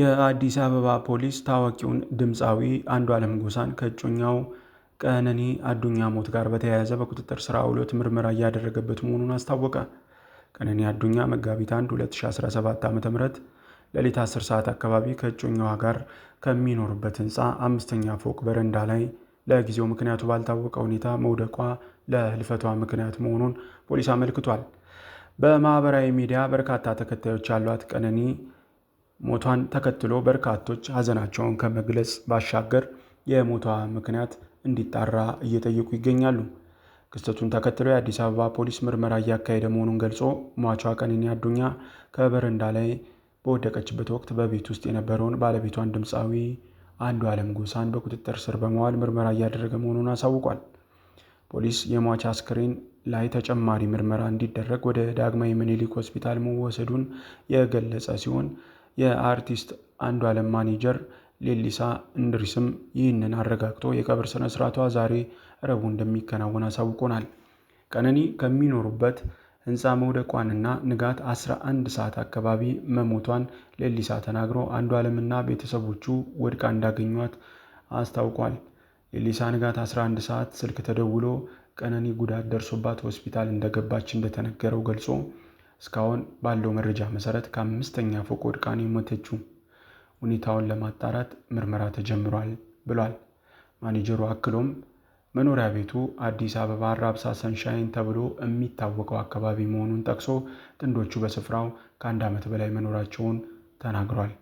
የአዲስ አበባ ፖሊስ ታዋቂውን ድምፃዊ አለም ጎሳን ከእጮኛው ቀነኒ አዱኛ ሞት ጋር በተያያዘ በቁጥጥር ስር አውሎት ምርመራ እያደረገበት መሆኑን አስታወቀ። ቀነኒ አዱኛ መጋቢት 1 2017 ዓ ም ሌሊት 10 ሰዓት አካባቢ ከእጮኛዋ ጋር ከሚኖሩበት ህንፃ አምስተኛ ፎቅ በረንዳ ላይ ለጊዜው ምክንያቱ ባልታወቀ ሁኔታ መውደቋ ለህልፈቷ ምክንያት መሆኑን ፖሊስ አመልክቷል። በማህበራዊ ሚዲያ በርካታ ተከታዮች ያሏት ቀነኒ ሞቷን ተከትሎ በርካቶች ሐዘናቸውን ከመግለጽ ባሻገር የሞቷ ምክንያት እንዲጣራ እየጠየቁ ይገኛሉ። ክስተቱን ተከትሎ የአዲስ አበባ ፖሊስ ምርመራ እያካሄደ መሆኑን ገልጾ ሟቿ ቀነኒ አዱኛ ከበረንዳ ላይ በወደቀችበት ወቅት በቤት ውስጥ የነበረውን ባለቤቷን ድምፃዊ አንዱ ዓለም ጎሳን በቁጥጥር ስር በመዋል ምርመራ እያደረገ መሆኑን አሳውቋል። ፖሊስ የሟች አስክሬን ላይ ተጨማሪ ምርመራ እንዲደረግ ወደ ዳግማዊ ምኒልክ ሆስፒታል መወሰዱን የገለጸ ሲሆን የአርቲስት አንዷለም ማኔጀር ሌሊሳ እንድሪስም ይህንን አረጋግጦ የቀብር ስነ ስርዓቷ ዛሬ ረቡዕ እንደሚከናወን አሳውቆናል። ቀነኒ ከሚኖሩበት ህንፃ መውደቋንና ንጋት 11 ሰዓት አካባቢ መሞቷን ሌሊሳ ተናግሮ አንዷለምና ቤተሰቦቹ ወድቃ እንዳገኟት አስታውቋል። ሌሊሳ ንጋት 11 ሰዓት ስልክ ተደውሎ ቀነኒ ጉዳት ደርሶባት ሆስፒታል እንደገባች እንደተነገረው ገልጾ እስካሁን ባለው መረጃ መሰረት ከአምስተኛ ፎቅ ወድቃ ነው የሞተችው። ሁኔታውን ለማጣራት ምርመራ ተጀምሯል ብሏል ማኔጀሩ። አክሎም መኖሪያ ቤቱ አዲስ አበባ አራብሳ ሰንሻይን ተብሎ የሚታወቀው አካባቢ መሆኑን ጠቅሶ ጥንዶቹ በስፍራው ከአንድ ዓመት በላይ መኖራቸውን ተናግሯል።